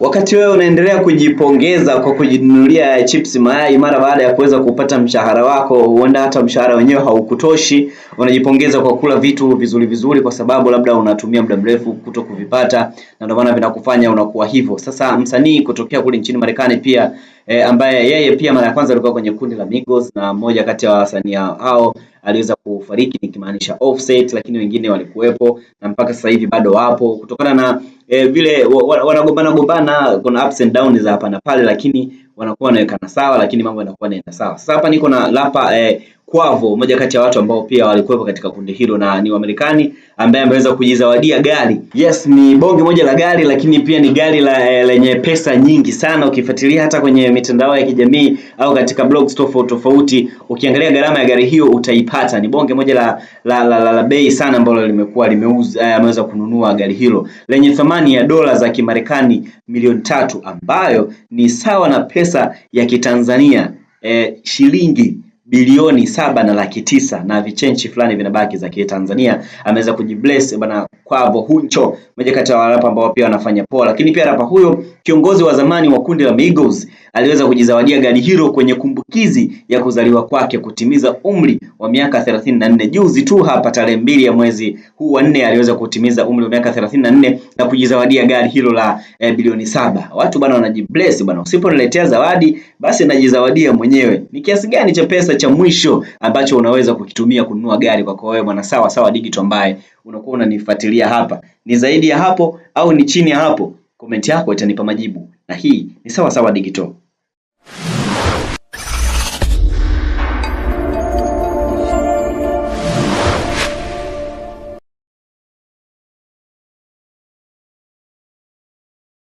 Wakati wewe unaendelea kujipongeza kwa kujinunulia chips mayai mara baada ya kuweza kupata mshahara wako, huenda hata mshahara wenyewe haukutoshi. Unajipongeza kwa kula vitu vizuri vizuri, kwa sababu labda unatumia muda mrefu kuto kuvipata, na ndio maana vinakufanya unakuwa hivyo. Sasa msanii kutokea kule nchini Marekani pia e, ambaye yeye pia mara ya kwanza alikuwa kwenye kundi la Migos, na mmoja kati ya wasanii hao aliweza kufariki, nikimaanisha Offset, lakini wengine walikuwepo na mpaka sasa hivi bado wapo kutokana na eh, vile wanagombana gombana, kuna ups and downs za hapa na pale, lakini wanakuwa wanawekana sawa, lakini mambo yanakuwa yanaenda sawa. Sasa hapa niko na rapa eh, Quavo, moja kati ya watu ambao pia walikuwepo katika kundi hilo na ni Wamarekani ambaye ameweza kujizawadia gari. Yes, ni bonge moja la gari, lakini pia ni gari la eh, lenye pesa nyingi sana. Ukifuatilia hata kwenye mitandao ya kijamii au katika blogs tofauti tofauti, ukiangalia gharama ya gari hiyo utaipata. Ni bonge moja la la, la, la, la bei sana ambalo limekuwa limeuza, eh, ameweza kununua gari hilo lenye thamani ya dola za Kimarekani milioni tatu ambayo ni sawa na pesa ya Kitanzania eh, shilingi bilioni saba na laki tisa na vichenchi fulani vinabaki za Kitanzania. Ameweza kujibless bana Quavo Huncho, mmoja kati ya rapa ambao pia wanafanya poa. Lakini pia rapa huyo kiongozi wa zamani wa kundi la Migos aliweza kujizawadia gari hilo kwenye kumbukizi ya kuzaliwa kwake kutimiza umri wa miaka 34. Juzi tu hapa tarehe mbili ya mwezi huu wa nne aliweza kutimiza umri wa miaka 34 na kujizawadia gari hilo la eh, bilioni saba. Watu bana wanajibless bana, usiponiletea zawadi basi najizawadia mwenyewe. Ni kiasi gani cha pesa cha mwisho ambacho unaweza kukitumia kununua gari kwako wewe mwana sawa sawa digital ambaye unakuwa unanifuatilia hapa, ni zaidi ya hapo au ni chini ya hapo? Komenti yako itanipa majibu, na hii ni Sawasawa Digital.